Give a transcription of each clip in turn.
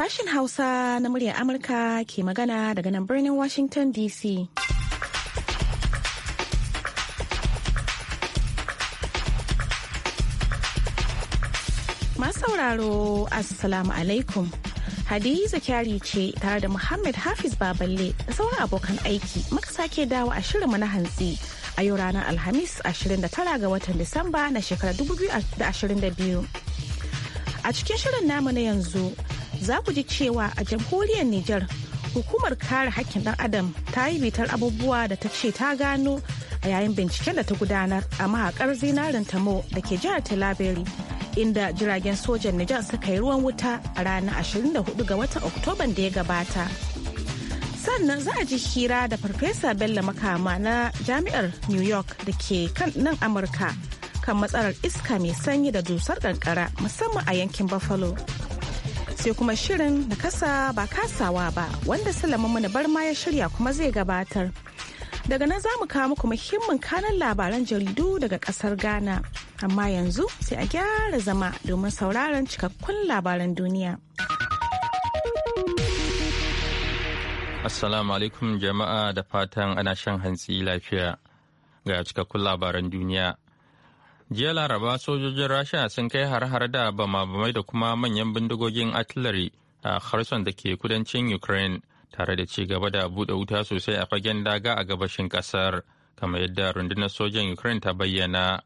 sashen Hausa na muryar Amurka ke magana daga nan birnin Washington DC. Masu sauraro, Assalamu alaikum. Hadiza Kyari ce tare da Muhammad Hafiz Baballe da sauran abokan aiki muka sake dawo a shirinmu na hantsi a yau ranar Alhamis 29 ga watan Disamba na shekarar 2022. A cikin shirin namu na yanzu za ku ji cewa a jamhuriyar Nijar hukumar kare hakkin ɗan adam ta yi bitar abubuwa da ta ce ta gano a yayin binciken da ta gudanar a mahakar zinarin tamo da ke jihar Talaberi inda jiragen sojan Nijar suka yi ruwan wuta a ranar 24 ga watan Oktoban da ya gabata. Sannan za a ji hira da Farfesa Bello Makama na Jami'ar New York da ke kan nan Amurka kan matsalar iska mai sanyi da dusar kankara musamman a yankin Buffalo. sai kuma shirin na kasa ba kasawa ba wanda na bar ma ya shirya kuma zai gabatar daga nan za mu kawo muku muhimmin kanan labaran jaridu daga kasar ghana amma yanzu sai a gyara zama domin sauraron cikakkun labaran duniya assalamu alaikum jama'a da fatan ana shan hantsi lafiya ga cikakkun labaran duniya jiya laraba sojojin rasha sun kai har-har da bama-bamai da kuma manyan bindigogin artillery a kherson da ke kudancin ukraine tare da ci gaba da buɗe wuta sosai a fagen daga a gabashin ƙasar kamar yadda rundunar sojan ukraine ta bayyana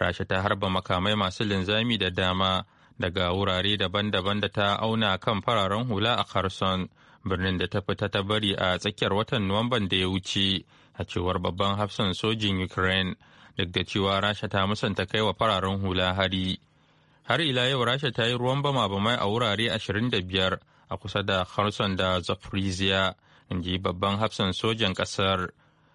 rasha ta harba makamai masu linzami da dama daga wurare daban-daban da ta auna kan fararen hula a kherson birnin da ta fita ta bari a tsakiyar watan nuwamban da ya wuce a cewar babban hafsan sojin ukraine duk da cewa rasha ta musanta kai wa fararen hula hari har ila yau rasha ta yi ruwan bama bamai a wurare 25 a kusa da kharson da zafrizia in ji babban hafsan sojan kasar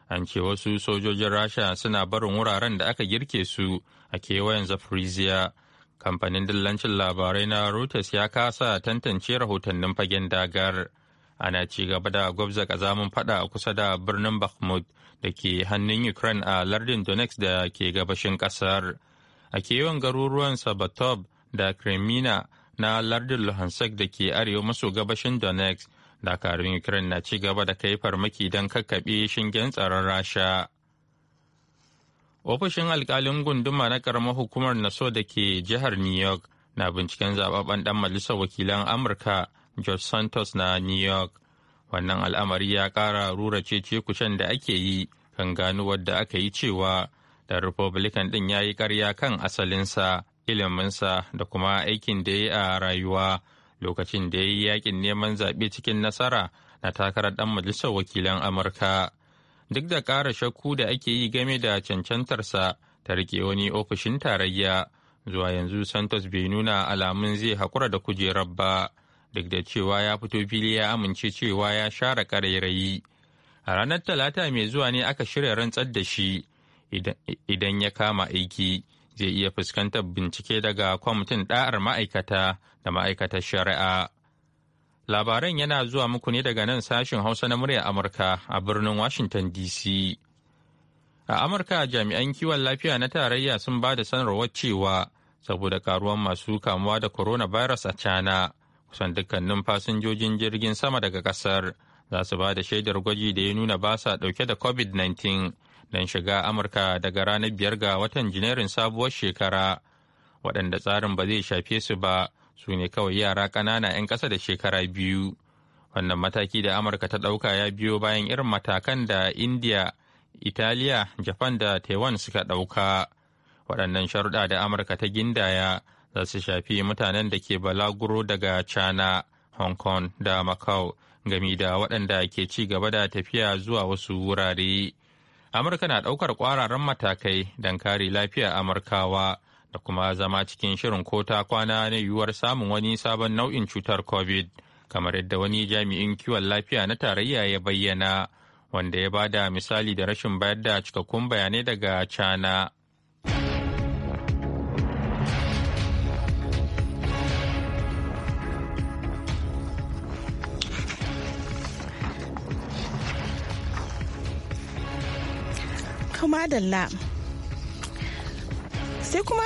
an ce wasu sojojin rasha suna barin wuraren da aka girke su a kewayen zafrizia kamfanin dillancin labarai na reuters ya kasa tantance rahotannin fagen dagar ana ci gaba da gwabza kazamin fada a kusa da birnin bakhmut da ke hannun ukraine a lardin donetsk da ke gabashin kasar a kewan garuruwan sabatov da kremina na lardin luhansk da ke arewa maso gabashin donetsk dakarun ukraine na ci gaba da kai farmaki don kakkaɓe shingen tsaron rasha ofishin alkalin gunduma na karamar hukumar naso da ke jihar new york na binciken zababen dan majalisar wakilan amurka george santos na new york wannan al'amari ya ƙara rura cece-kucen da ake yi kan gano wadda aka yi cewa da republican ɗin ya yi ƙarya kan asalinsa iliminsa da kuma aikin da ya yi a rayuwa lokacin da ya yi yakin neman zaɓe cikin nasara na takarar ɗan majalisar wakilan amurka duk da ƙara shakku da ake yi game da cancantarsa ta rike wani ofishin tarayya zuwa yanzu santos bai nuna alamun zai haƙura da kujerar ba. duk da cewa ya fito fili ya amince cewa ya share karairayi a ranar talata mai zuwa ne aka shirya rantsar da shi idan ya kama aiki zai iya fuskantar bincike daga kwamitin ɗa'ar ma'aikata da ma'aikatar shari'a labaran yana zuwa muku ne daga nan sashen hausa na murya amurka a birnin washington dc a amurka jami'an kiwon lafiya na tarayya sun ba da sanarwar cewa saboda karuwan masu kamuwa da coronavirus a cana kusan dukkanin fasinjojin jirgin sama daga kasar za su ba da shaidar gwaji da ya nuna ba sa dauke da covid-19 don shiga amurka daga ranar biyar ga watan janairun sabuwar shekara waɗanda tsarin ba zai shafe su ba su ne kawai yara ƙanana 'yan ƙasa da shekara biyu wannan mataki da amurka ta ɗauka ya biyo bayan irin matakan da indiya italiya japan da taiwan suka ɗauka waɗannan sharuɗa da amurka ta gindaya za su shafi mutanen da ke balaguro daga China, Hong Kong da Macau gami da waɗanda ke ci gaba da tafiya zuwa wasu wurare. Amurka na ɗaukar ƙwararren matakai don kare lafiya Amurkawa da kuma zama cikin shirin ko ta kwana na yiwuwar samun wani sabon nau'in cutar COVID, kamar yadda wani jami'in kiwon lafiya na tarayya ya bayyana, wanda ya bada misali da rashin bayar da cikakkun bayanai daga China. kuma dalla sai kuma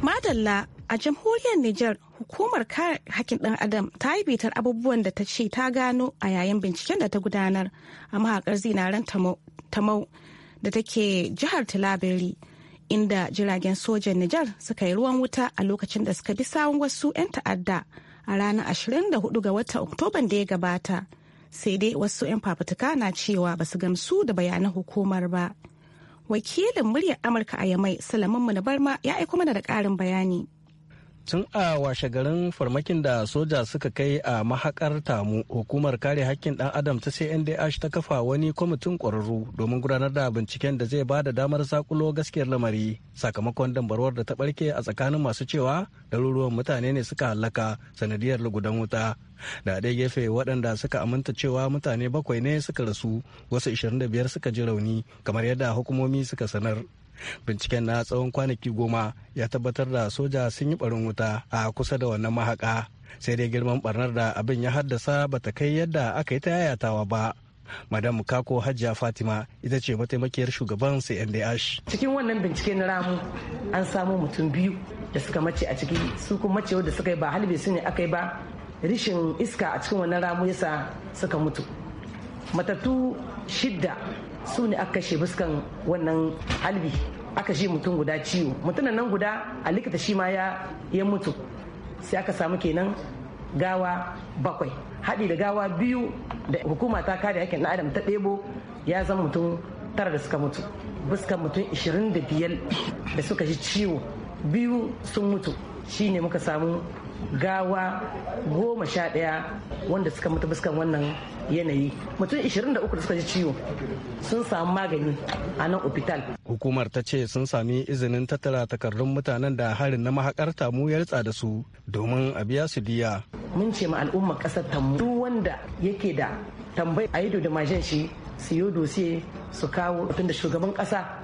Madalla a jamhuriyar Nijar hukumar kare hakkin ɗan adam ta yi bitar abubuwan da ta ce ta gano a yayin binciken da ta gudanar a mahaƙar zinaren tamau da take jihar Tilabiri, inda jiragen sojan Nijar suka yi ruwan wuta a lokacin da suka bi sawon wasu 'yan ta'adda a ranar 24 ga watan Oktoban da ya gabata. Sai dai wasu 'yan fafutuka na cewa ba su gamsu da bayanan hukumar ba. Wakilin muryar Amurka a Yamai Salamun munabarma ya aiko mana da ƙarin bayani. tun a washe garin farmakin da soja suka kai a mahakar tamu hukumar kare hakkin dan adam ta ndh ta kafa wani kwamitin ƙwararru domin gudanar da binciken da zai ba da damar sakulo gaskiyar lamari sakamakon dambarwar da ta barke a tsakanin masu cewa ɗaruruwan mutane ne suka hallaka sanadiyar lugudan wuta da ɗaya gefe waɗanda suka aminta cewa mutane bakwai ne suka rasu wasu 25 suka ji rauni kamar yadda hukumomi suka sanar binciken na tsawon kwanaki goma ya tabbatar da soja sun yi barin wuta a kusa da wannan mahaka sai dai girman barnar da abin ya haddasa bata kai yadda aka yi ta yayatawa ba madam kako hajiya fatima ita ce mataimakiyar shugaban cndh cikin wannan bincike na ramu an samu mutum biyu da suka mace a ciki su kuma mace da suka yi ba halibe su ne aka yi ba rishin iska a cikin wannan ramu yasa suka mutu matattu shidda su ne aka kashe fuskan wannan albi aka shi mutum guda ciwo mutumin nan guda a likita shi ma ya mutu sai aka samu kenan gawa bakwai haɗi da gawa biyu da hukuma ta kare yakin na adam ta ɗebo ya zama mutum tara da suka mutu fuskan mutum 25 da suka ji ciwo biyu sun mutu shine muka samu gawa goma sha ɗaya wanda suka mutu fuskan wannan yanayi mutum 23 da suka ji ciwo sun samu magani a nan opital hukumar ta ce sun sami izinin tattara takardun mutanen da harin na mahakar tamu ya ritsa da su domin a biya su diya mun ce ma al'umma ƙasar tamu duk wanda yake da tambayi a yi da majen shi su yi dosiye su kawo da shugaban ƙasa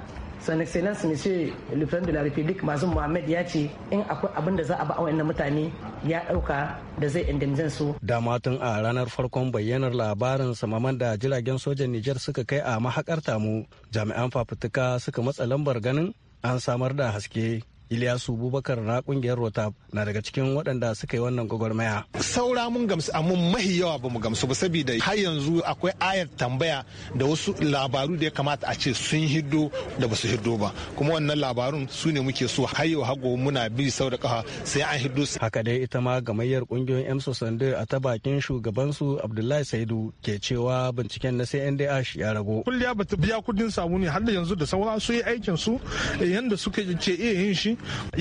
son excellence monsieur le président de la république mazum muhammad ya ce in akwai abin da za a ba a wannan mutane ya dauka da zai indemnizan su da matan a ranar farkon bayyanar labarin samaman da jiragen sojan niger suka kai a mahakar tamu jami'an fafutuka suka matsa lambar ganin an samar da haske Ilyasu Bubakar na kungiyar Rotab na daga cikin waɗanda suka yi wannan gwagwarmaya. Saura mun gamsu amma mahi yawa ba mu gamsu ba saboda har yanzu akwai ayar tambaya da wasu labaru da ya kamata a ce sun hiddo da ba su hiddo ba kuma wannan labarun su ne muke so har yau hago muna bi sau da kafa sai an hiddo su. Haka dai ita ma gamayyar kungiyoyin Emso Sande a ta bakin shugabansu Abdullahi Saidu ke cewa binciken na CNDH ya rago. Kulliya ba ta biya kudin samu ne har da yanzu da saura su yi aikin su yanda suka ce iya yin shi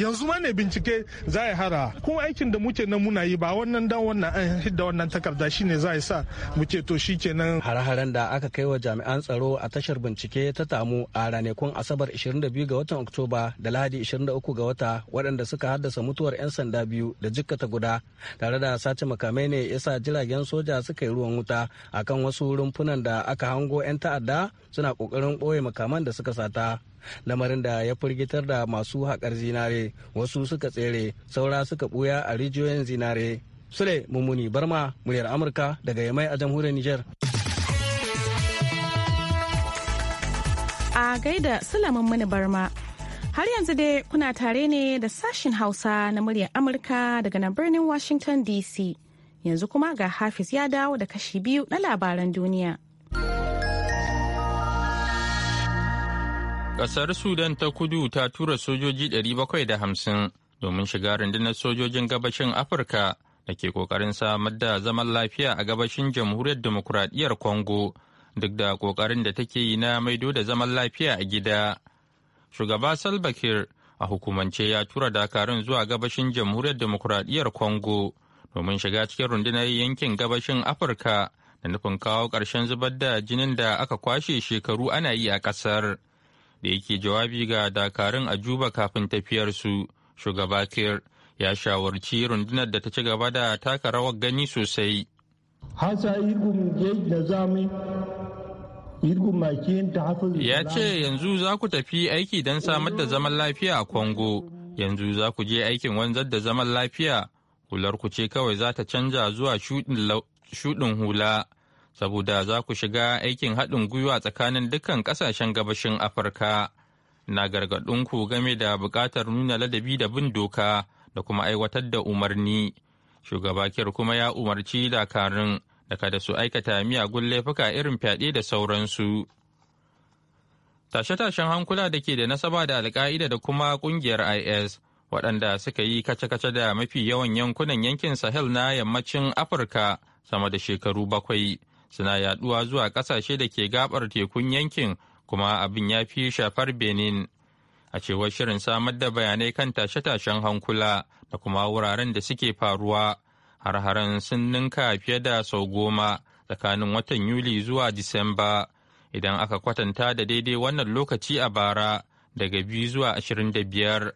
yanzu ma ne bincike za a hara kuma aikin da muke nan muna yi ba wannan dan wannan an eh, hidda wannan takarda shine za a sa muke to shikenan hare-haren da aka kai wa jami'an tsaro a tashar bincike ta tamu a ranakun asabar 22 ga watan oktoba da lahadi 23 ga wata waɗanda suka haddasa mutuwar 'yan sanda biyu da jikkata guda tare da sace makamai ne yasa jiragen soja suka yi ruwan wuta akan wasu rumfunan da aka hango 'yan ta'adda suna kokarin ɓoye makaman da suka sata lamarin da ya firgitar da masu haƙar zinare wasu suka tsere saura suka ɓuya a rijiyoyin zinare sule mummuni barma muryar amurka daga yamai a jamhuriyar niger a gaida sulaman mani barma har yanzu dai kuna tare ne da sashin hausa na muryar amurka daga nan birnin washington dc yanzu kuma ga hafiz ya dawo da kashi biyu na labaran duniya Ƙasar Sudan ta kudu ta tura sojoji 750 domin shiga rundunar sojojin gabashin Afirka da ke ƙoƙarin samar da zaman lafiya a gabashin jamhuriyar demokuraɗiyyar Congo duk da ƙoƙarin da take yi na maido da zaman lafiya a gida. Shugaba Salva Kiir a hukumance ya tura dakarun zuwa gabashin jamhuriyar demokuraɗiyyar Congo domin shiga cikin rundunar yankin gabashin Afirka da nufin kawo ƙarshen zubar da jinin da aka kwashe shekaru ana yi a ƙasar. da yake jawabi ga dakarun a Juba kafin tafiyarsu, shugaba Kir ya shawarci rundunar da ta ci gaba da taka rawar gani sosai. Ya ce yanzu za ku tafi aiki don samar da zaman lafiya a Congo, yanzu za ku je aikin wanzar da zaman lafiya, hular ku ce kawai za ta canja zuwa shudin hula. saboda za ku shiga aikin haɗin gwiwa tsakanin dukkan ƙasashen gabashin afirka na ku game da buƙatar nuna ladabi da bin doka da kuma aiwatar da umarni shugaba kir kuma ya umarci dakarun da kada su aikata miyagun laifuka irin fyaɗe da sauransu tashe-tashen hankula da ke da nasaba da alka'ida da kuma ƙungiyar is waɗanda suka yi kace-kace da mafi yawan yankunan yankin sahel na yammacin afirka sama da shekaru bakwai suna yaduwa zuwa kasashe da ke gabar tekun yankin kuma abin ya fi shafar benin a cewar shirin samar da bayanai kan tashe-tashen hankula da kuma wuraren da suke faruwa har-haren sun ninka fiye da sau goma tsakanin watan yuli zuwa disamba idan aka kwatanta da daidai wannan lokaci a bara daga biyu zuwa ashirin da biyar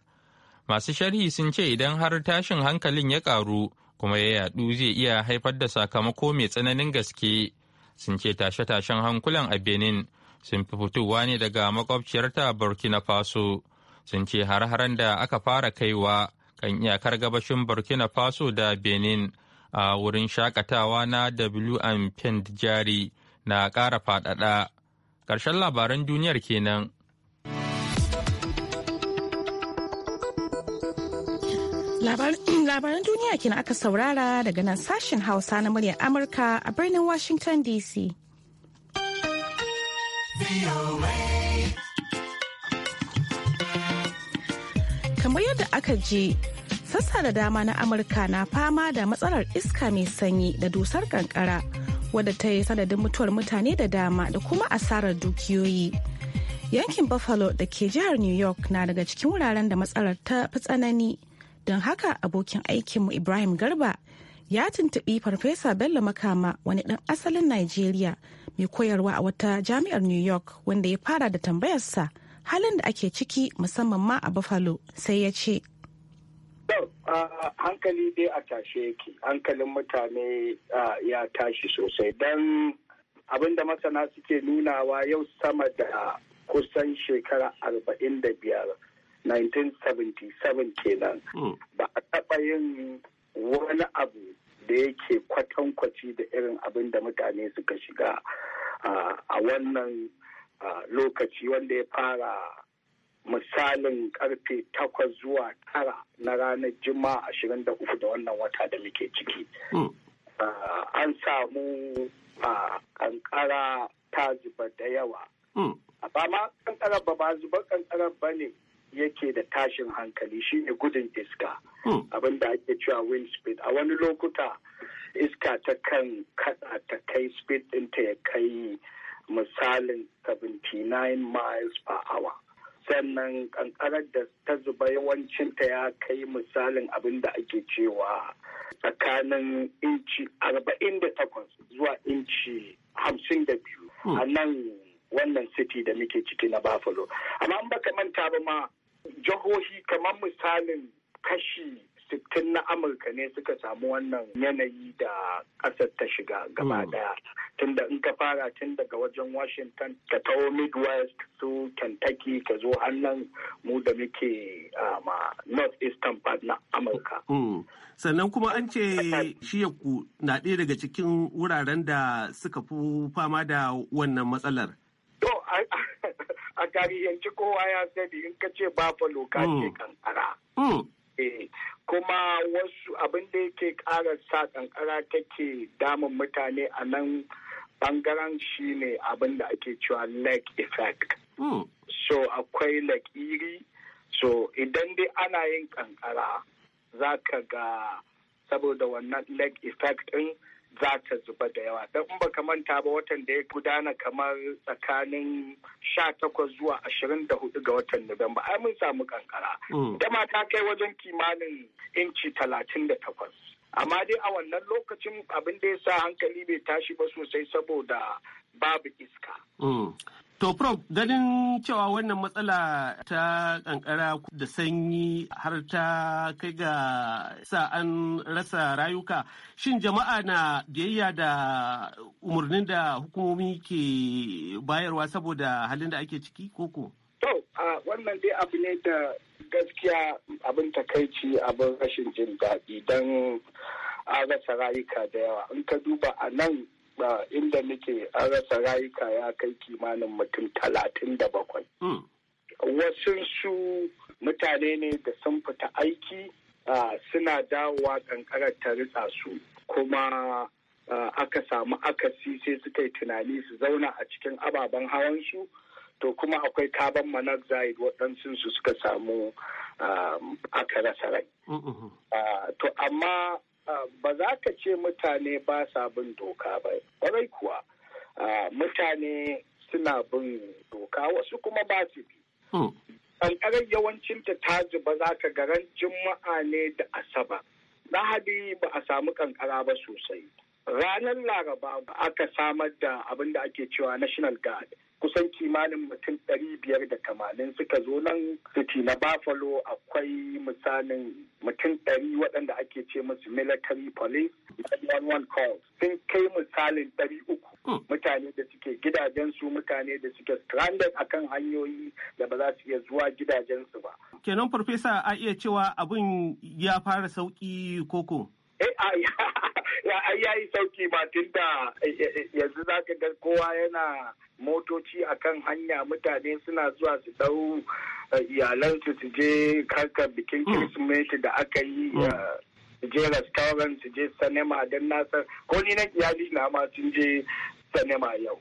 masu sharhi sun ce idan har tashin hankalin ya karu kuma ya yadu zai iya haifar da sakamako mai tsananin gaske sun ce tashe-tashen hankulan a benin sun fi fitowa ne daga makwabciyarta burkina faso sun ce har-haren da aka fara kaiwa kan iyakar gabashin burkina faso da benin a wurin shakatawa na wm jari na ƙara faɗaɗa ƙarshen labaran duniyar kenan Labaran duniya kenan aka saurara daga nan sashen Hausa na muryar Amurka a birnin Washington DC. Kamar yadda aka ji sassa da dama na Amurka na fama da matsalar iska mai sanyi da dusar kankara wadda ta yi sanadin mutuwar mutane da dama da kuma asarar dukiyoyi. Yankin Buffalo da ke jihar New York na daga cikin wuraren da matsalar ta fi tsanani. Don haka abokin aikinmu Ibrahim Garba ya tuntubi Farfesa Bello Makama wani ɗan asalin nigeria mai koyarwa a wata jami'ar New York wanda ya fara da tambayarsa halin da ake ciki musamman ma a Buffalo sai ya ce. hankali dai a tashe yake hankalin mutane ya tashi sosai don abin da masana suke nunawa yau sama da kusan shekara arba'in da biyar 1977 kenan hmm. ba a taɓa yin wani abu da yake kwatankwaci da irin abin da mutane suka shiga a wannan lokaci wanda ya fara misalin karfe 8 zuwa tara na ranar juma'a 23 da da wannan wata da muke ciki hmm. an samu kankara ta zuba da yawa hmm. ba ma kankarar ba ba zuba kankarar ba ne yake da tashin hankali shine gudun iska hmm. abin da ake cewa wind speed a wani lokuta iska ta kan kada ta kai speed ɗinta ya kai misalin 79 miles per hour sannan kankarar da ta zuba yawancin ta ya kai misalin abin da ake cewa tsakanin inci 48 zuwa inci 52 hmm. a nan wannan city da muke ciki na buffalo amma an baka manta ba ma jagohi kamar misalin kashi sittin na amurka ne suka samu wannan yanayi da ƙasar ta shiga gaba daya hmm. tunda in ka fara tun daga wajen washington ka taho midwest su kentucky ka zo hannun mu da muke ah, ma north eastern part na amurka hmm. sannan kuma an ce shiyaku na ɗaya daga cikin wuraren da suka fi fama da wannan matsalar tarihanci kowa ya sani in ka ce buffalo ka ce mm. kankara mm. Eh, kuma wasu abin da yake ƙara sa kankara take damun mutane a nan bangaren ne abin da ake cewa leg effect mm. so akwai lakiri so idan dai ana yin kankara za ka ga saboda wannan leg effect ɗin za ta zuba da yawa don in baka manta ba watan da ya gudana kamar tsakanin sha takwas zuwa ashirin da hudu ga watan Nuwamba ai mun samu kankara hmm. dama ta kai wajen kimanin inci talatin da takwas amma dai a wannan lokacin abin da ya sa hankali bai tashi ba sosai saboda babu iska hmm. To, Prof, ganin cewa wannan matsala ta kankara da sanyi har ta kai ga sa an rasa rayuka, shin jama'a na biyayya da umarnin da hukumomi ke bayarwa saboda halin da ake ciki koko? To, wannan dai abu ne da gaskiya abin takaici abin rashin jin daɗi don a rasa rayuka da yawa. In ka duba a nan inda nake an rasa rayuka ya kai kimanin mutum talatin da bakwai. Hmm. Wasu su mutane ne da sun fita aiki suna dawowa kankarar ta ritsa su kuma aka samu akasi sai suka yi tunani su zauna a cikin ababen hawan su, to kuma akwai manar zaid waɗansu su suka samu aka rasa rai. Hmm, hmm, to amma Ah, ba za ka ce mutane ba sa bin doka ba kwarai kuwa ah, mutane suna bin doka wasu kuma ba su bi ƙanƙarar hmm. yawancinta ta ba za ka garan juma'a ne da asaba lahadi ba a samu ƙanƙara ba sosai ranar laraba aka samar da abin da ake cewa national guard kusan kimanin mutum ɗari biyar da tamanin suka zo nan city na buffalo akwai misalin mutum ɗari waɗanda ake ce musu military police 911 calls sun kai misalin ɗari uku hmm. mutane da suke gidajensu mutane da suke stranded akan hanyoyi da ba za su iya zuwa gidajensu ba kenan farfesa a iya cewa abin ya fara sauki koko eh, ya ai yayi sauki ba tunda eh, eh, eh, yanzu zaka ga kowa yana motoci akan hanya mutane suna zuwa su dau iyalansu su je karka bikin hmm. kirsimeti da aka yi hmm. su je restaurant su je sanema don nasar ko ni na iyali na ma sun je sanema yau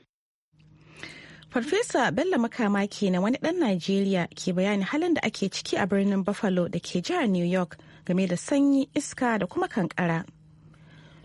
Farfesa Bello Makama kenan wani ɗan Najeriya ke bayani halin da ake ciki a birnin Buffalo da ke jihar New York game da sanyi, iska da kuma kankara.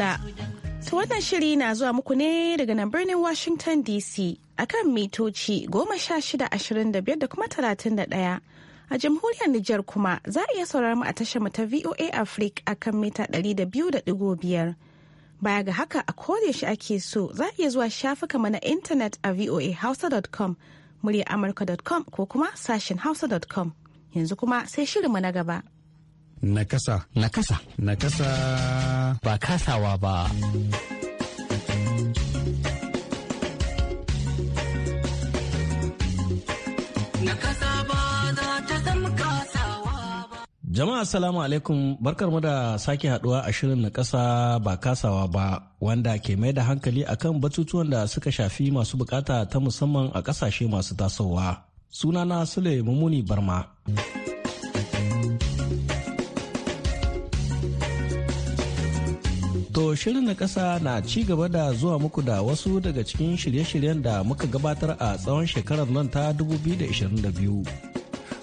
Allah. To wannan shiri na zuwa muku ne daga nan birnin Washington DC akan mitoci goma sha shida ashirin da biyar da kuma talatin da ɗaya. A jamhuriyar Nijar kuma za a iya saurari mu a tashar mu ta VOA Africa akan mita ɗari da biyu da ɗigo biyar. Baya ga haka a kodayaushe ake so za a iya zuwa shafuka mana intanet a voahausa.com muryar amurka.com ko kuma sashen hausa.com yanzu kuma sai shirinmu na gaba. Nakasa. Nakasa. Nakasa. Ba kasawa ba. Jama'a salamu alaikum barkar mu da sake haduwa a shirin na kasa ba kasawa ba wanda ke mai da hankali akan batutuwan da suka shafi masu bukata ta musamman a kasashe masu tasowa. Sunana Sule Mumuni Barma. To shirin na ƙasa na ci gaba da zuwa muku da wasu daga cikin shirye-shiryen da muka gabatar a tsawon shekarar nan ta 2022.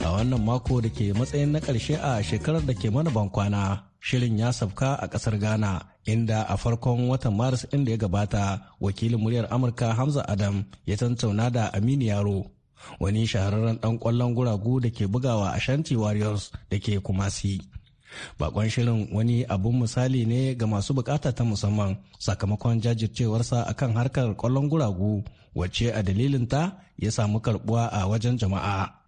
A wannan mako da ke matsayin na ƙarshe a shekarar da ke mana bankwana, shirin ya sabka a ƙasar Ghana, inda a farkon watan Maris inda ya gabata, wakilin muryar Amurka Hamza Adam ya tantauna da Aminu Yaro, wani shahararren ɗan ƙwallon guragu da ke bugawa a Shanti Warriors da ke Kumasi. Bakon shirin wani abun misali ne ga masu bukata ta musamman sakamakon jajircewarsa akan harkar kwallon guragu wacce a dalilinta ya samu karbuwa a wajen jama'a.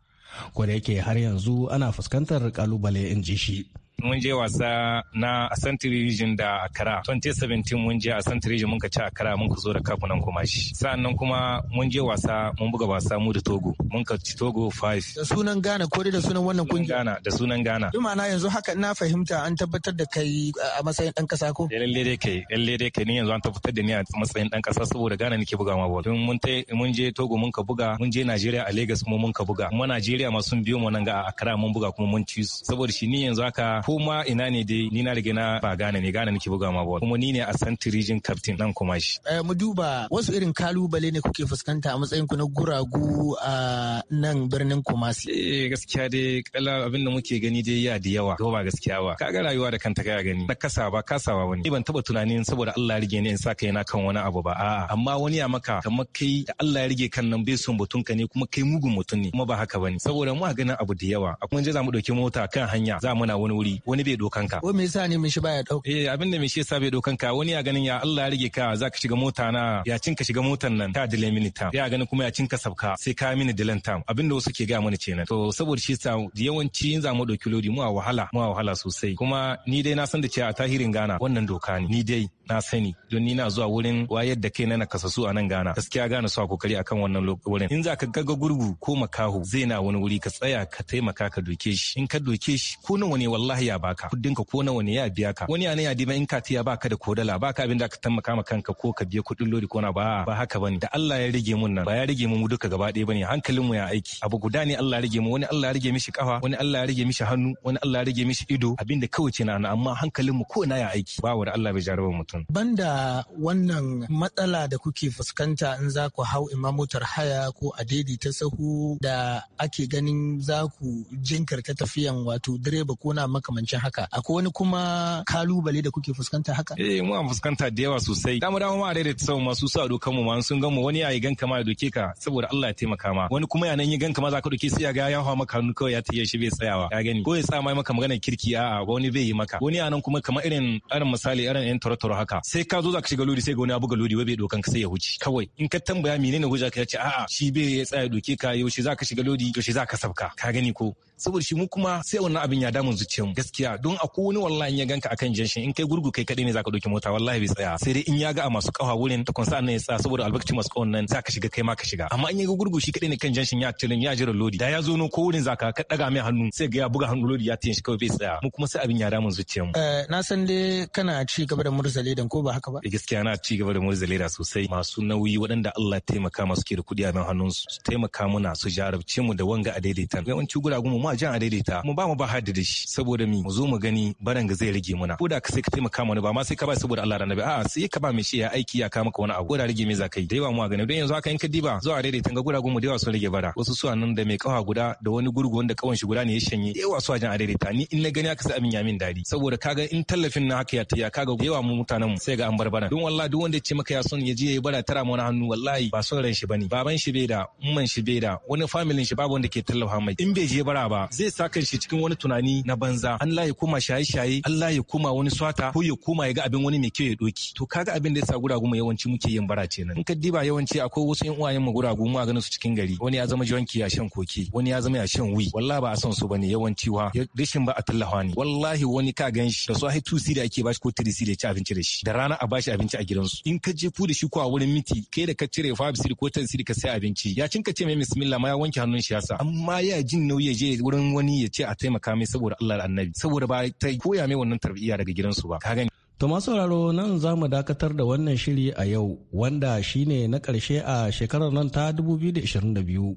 Ko da yake har yanzu ana fuskantar kalubale in ji shi. mun je wasa na Asante Region da Accra 2017 mun je Asante Region mun ka ci Accra mun ka zo da kafu nan kuma shi Sannan kuma mun je wasa mun buga wasa mu da Togo mun ka ci Togo 5 da sunan Ghana ko da sunan wannan kungiya Ghana da sunan Ghana bi na yanzu haka na fahimta an tabbatar da kai a matsayin dan kasa ko eh, lalle dai kai lalle dai kai ni yanzu an tabbatar da ni a matsayin dan kasa saboda Ghana nake buga ma ball don mun mun je Togo mun ka buga mun je Najeriya a Lagos kuma mun ka buga kuma Najeriya ma sun biyo mu nan ga Accra mun buga kuma mun ci saboda shi ni yanzu haka ko ma ina ne dai ni na riga na ba gane ne gane nake buga ma ball kuma ni ne a san region captain nan kuma shi eh, mu duba wasu irin kalubale ne kuke fuskanta a matsayin ku na guragu a nan birnin Kumasi eh gaskiya dai kala abin da muke gani dai ya da yawa ba gaskiya ba kaga rayuwa da kanta kaya gani na kasa ba kasawa wani ban taba tunanin saboda Allah ya rige ni in sa kai na kan wani abu ba a'a amma wani ya maka kamar kai da Allah ya rige kan nan bai son batun ka ne kuma kai mugun mutun ne kuma ba haka bane saboda mu ganin abu da yawa a kuma je za mu dauki mota kan hanya za mu na wani wuri wani bai dokan ka ko me yasa ne mishi baya dauka eh abin da mishi yasa bai dokan ka wani ya ganin ya Allah ya rige ka zaka shiga mota na ya cin ka shiga motan nan ta dile mini ta ya ganin kuma ya ka sabka sai ka mini dilan ta abin da wasu ke ga mana kenan to saboda shi yawanci in za mu dauki lodi mu a wahala mu a wahala sosai kuma ni dai na san da cewa a tahirin Ghana wannan doka ne ni dai na sani don ni na zuwa wurin wayar da kai na nakasassu a nan gana. gaskiya gane su kokari akan wannan wurin in za ka gaga gurgu ko makaho zai na wani wuri ka tsaya ka taimaka ka doke shi in ka doke shi ko nawa ne wallahi ya baka kudin ka ko nawa ne ya biya ka wani anan ya dima in ka tiya baka da kodala baka abin da ka taimaka ma kanka ko ka biya kudin lori ko na ba ba haka bane da Allah ya rige mun nan ba ya rige mun duka gaba ɗaya bane hankalin mu ya aiki abu guda ne Allah ya rige mu wani Allah ya rige mishi kafa wani Allah ya rige mishi hannu wani Allah ya rige mishi ido abin da kawai ce na amma hankalin mu ko na ya aiki ba wa Allah bai mutum mutum. Banda wannan matsala da kuke fuskanta in za ku hau imam motar haya ko a daidaita sahu da ake ganin za ku jinkirta tafiyan wato direba ko na makamancin haka. Akwai wani kuma kalubale da kuke fuskanta haka? Eh mu an fuskanta da yawa sosai. Dama dama ma a ta sahu masu sa dokan mu ma sun gamu wani yi ganka ma ya doke ka saboda Allah ya taimaka ma. Wani kuma yanan yi ganka ma za ka doke sai ya ga ya hawa maka hannu kawai ya tayi shi bai tsayawa. Ya gani ko ya sa mai maka maganar kirki a'a wani bai yi maka. Wani yanan kuma kamar irin irin misali irin yan toro haka. haka sai ka zo za ka shiga lodi sai ga wani abu ga lodi wai bai dokan ka sai ya huce kawai in ka tambaya menene hujja ka ya ce a'a shi bai ya tsaya doke ka yaushe za ka shiga lodi yaushe za ka sabka ka gani ko saboda shi mu kuma sai wannan abin ya damun zuciyarmu gaskiya don a wani wallahi ya ganka akan janshin in kai gurgu kai kadai ne zaka doki mota wallahi bai tsaya sai dai in ya ga a masu kawa wurin ta kunsa annan ya tsaya saboda albakci masu kawon nan zaka shiga kai ma ka shiga amma in ya ga gurgu shi kadai ne kan janshin ya tilin ya jira lodi da ya zo no ko wurin zaka ka daga mai hannu sai ga ya buga hannu lodi ya tiyan shi kawai bai tsaya mu kuma sai abin ya damun zuciyarmu eh, na san dai kana ci gaba da murzale dan ko ba haka ba eh, gaskiya na ci gaba da murzale da sosai masu nauyi waɗanda Allah taimaka masu ke da kudi a hannunsu su taimaka muna su jarabce mu da wanga a daidaitan yawanci guragun mu mu a jan a daidaita mu ba mu ba hadda da shi saboda mi mu zo mu gani baran ga zai rage muna koda ka sai ka taimaka mana ba ma sai ka ba saboda Allah da Annabi a'a sai ka ba mai shi ya aiki ya kama ka wani abu Kod'a rage me za kai. yi da yawa mu a gani don yanzu haka in ka diba a daidaita ga guragun mu da yawa sun rage bara wasu su nan da mai kawa guda da wani gurgu wanda kawan shi guda ne ya shanye da yawa su a jan a daidaita ni in na gani aka sai amin yamin dadi saboda kaga in tallafin na haka ya ta ya kaga yawa mu mutanen mu sai ga an bar bara don wallahi duk wanda ya ce maka ya son ya je ya bara tara mana hannu wallahi ba son ran shi bane baban shi bai da umman shi bai da wani familin shi babu wanda ke tallafa mai in bai je bara ba ba zai sa kan shi cikin wani tunani na banza Allah ya koma shaye-shaye Allah ya koma wani swata ko ya koma ya ga abin wani mai kyau ya doki to kaga abin da ya sa guragu mai yawanci muke yin bara ce nan in ka diba yawanci akwai wasu yan uwayen mu guragu mu ganin su cikin gari wani ya zama jonki ya shan koki wani ya zama ya shan wi wallahi ba a son su bane yawanci wa rishin ba a tallafa ni wallahi wani ka gan shi da su ai tusi da ake bashi ko tirisi da ya ci abinci da shi da rana a bashi abinci a gidansu in ka je fu da shi ko a wurin miti kai da ka cire 5 bisiri ko tansiri ka sai abinci ya cinka ce mai bismillah ma ya wanke hannun shi yasa amma ya jin nauyi je wurin wani ya ce a taimaka mai saboda Allah da annabi saboda ba ta koya mai wannan tarbiyya daga gidansu ba ka gani To masu sauraro nan za mu dakatar da wannan shiri a yau wanda shine na ƙarshe a shekarar nan ta 2022.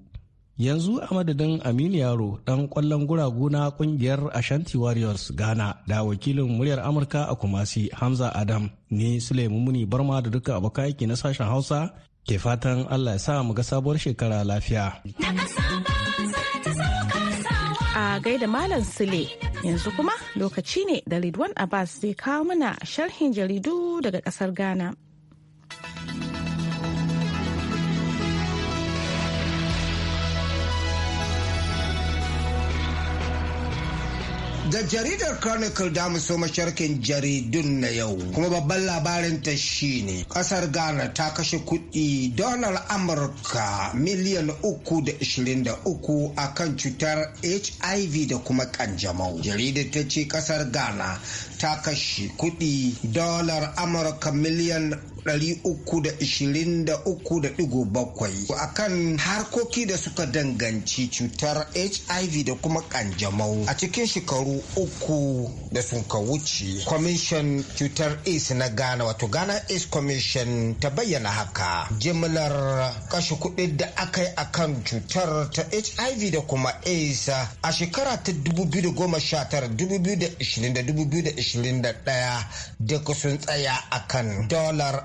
Yanzu a madadin Aminu Yaro ɗan kwallon guragu na ƙungiyar Ashanti Warriors Ghana da wakilin muryar Amurka a Kumasi Hamza Adam ne Suleiman Muni Barma da duka abokan aiki na sashen Hausa ke fatan Allah ya sa mu ga sabuwar shekara lafiya. gaida Malam Sule. Yanzu kuma lokaci ne da Ridwan Abbas zai kawo mana sharhin jaridu daga ƙasar Ghana. Da jaridar Chronicle da so masharkin jaridun na yau kuma babban labarin ta shine kasar Ghana ta kashe kuɗi dolar Amurka miliyan uku da ishirin da uku a kan cutar HIV da kuma kanjamau. Jaridar ta ce kasar Ghana ta kashe kuɗi dolar Amurka miliyan 323.7 kan harkoki da suka danganci cutar hiv da kuma kanjamau a cikin shekaru uku da sun ka wuce kwamishin cutar aids na ghana wato ghana aids commission ta bayyana haka jimlar kashe kuɗi da aka yi a kan cutar ta hiv da kuma aids a shekara ta 2019 2021 da sun tsaya kan dolar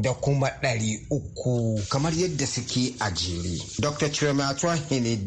da kuma ɗari uku kamar yadda suke a jere. Dr. Chiroma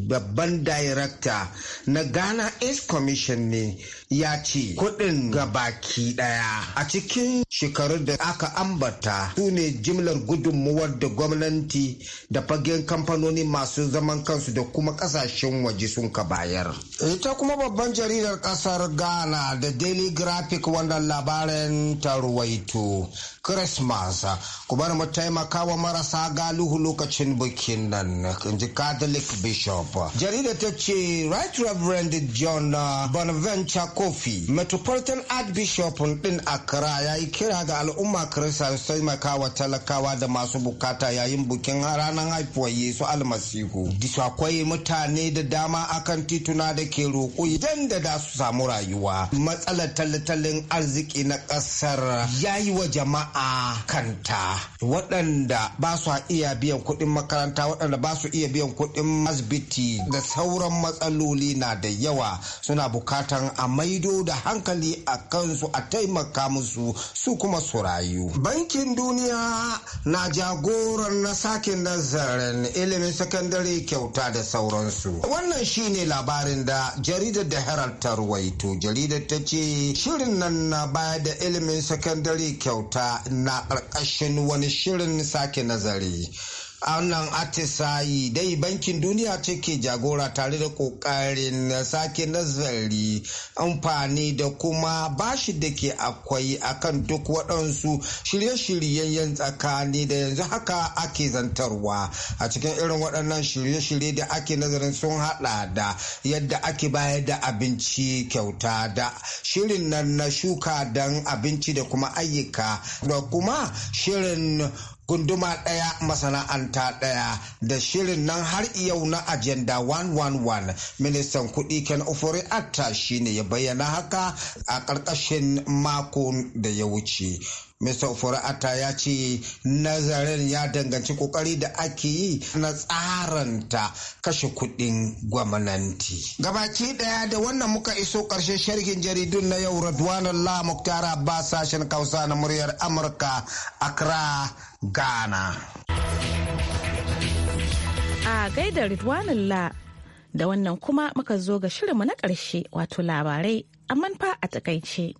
babban director na Ghana Ace Commission ne ya ce kuɗin gabaki ɗaya a cikin shekaru da aka ambata su ne jimlar gudunmuwar da gwamnati da fagen kamfanoni masu zaman kansu da kuma kasashen waje sun ka bayar. Ita kuma babban jaridar ƙasar Ghana da Daily Graphic wannan labarin ta ruwaito. Christmas kuma mu taimaka wa marasa galuhu lokacin bikin nan ji Catholic Bishop. jaridar ta ce Right Reverend John Bonaventure kofi metropolitan archbishop din accra ya yi kira ga al'umma kirista su taimaka wa talakawa da masu bukata yayin bukin ranar haifuwar yesu almasihu disa akwai mutane da dama akan tituna da ke roƙo idan da da su samu rayuwa matsalar tallatallin arziki na ƙasar ya yi wa jama'a kanta waɗanda ba su iya biyan kuɗin makaranta waɗanda ba su iya biyan kuɗin asibiti da sauran matsaloli na da yawa suna bukatan a maido da hankali a kansu a taimaka musu su kuma su rayu. Bankin Duniya na jagoran na sake nazarin ilimin sakandare kyauta da sauransu. Wannan shine labarin da jaridar da Herald Waito Jaridar ta ce shirin nan na baya da ilimin sakandare kyauta na ƙarƙashin wani shirin sake nazari. annan atisayi dai bankin duniya ce ke jagora tare da kokarin sake nazari amfani da kuma bashi da ke akwai akan duk waɗansu shirye-shiryen tsakani da yanzu haka ake zantarwa a cikin irin waɗannan shirye-shirye da ake nazarin sun haɗa da yadda ake bayar da abinci kyauta da shirin nan na shuka don abinci da kuma ayyuka da kuma shirin gunduma ɗaya masana'anta ɗaya da shirin nan har yau na agenda 111 ministan kuɗi ken ofori atta shine ya bayyana haka a ƙarƙashin makon da ya wuce Mr. Fura'ata ya ce nazarin ya danganci kokari da ake yi na tsaranta kashe kuɗin gwamnati. Gabaki ɗaya da wannan muka iso ƙarshen sharhin jaridun na yau Radwan la Muktar Abbas sashen Kausa na muryar Amurka Accra, Ghana. A gaida la da wannan kuma muka zo ga shirinmu na ƙarshe wato labarai amman fa a takaice.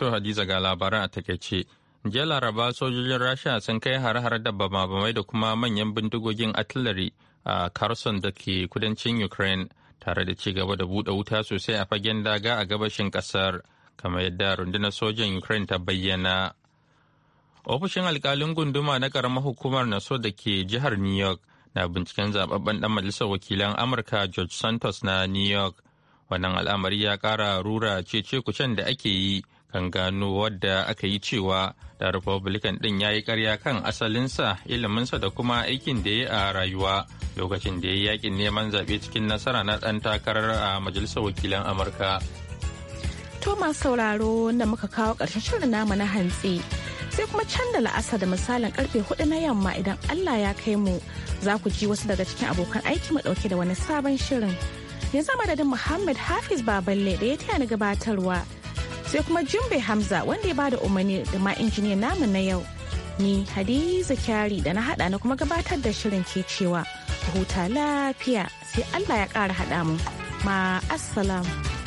To Hadiza ga labaran a takaice. Jiya Laraba sojojin Rasha sun kai har-har da bamabamai da kuma manyan bindigogin artillery a kharson da ke kudancin Ukraine tare da ci gaba da buɗe wuta sosai a fagen daga a gabashin ƙasar kamar yadda rundunar sojan Ukraine ta bayyana. Ofishin alkalin gunduma na ƙaramar hukumar Naso da ke jihar New York na binciken zababben dan majalisar wakilan Amurka George Santos na New York. Wannan al'amari ya kara rura cece kucen da ake yi kan gano wadda aka yi cewa da republican ɗin ya yi karya kan asalinsa iliminsa da kuma aikin da ya a rayuwa lokacin da ya yi yakin neman zaɓe cikin nasara na ɗan takarar a majalisar wakilan amurka to sauraro da muka kawo ƙarshen shirin namu na hantsi sai kuma can da la'asa da misalin karfe hudu na yamma idan allah ya kai mu za ku ji wasu daga cikin abokan aiki mu ɗauke da wani sabon shirin yanzu madadin muhammad hafiz baballe da ya taya ni gabatarwa sai kuma jimbe hamza wanda ya bada umarni da ma injiniya namu na yau ni hadiza kyari da na hada na kuma gabatar da shirin ke cewa huta lafiya sai allah ya kara hada mu ma assalamu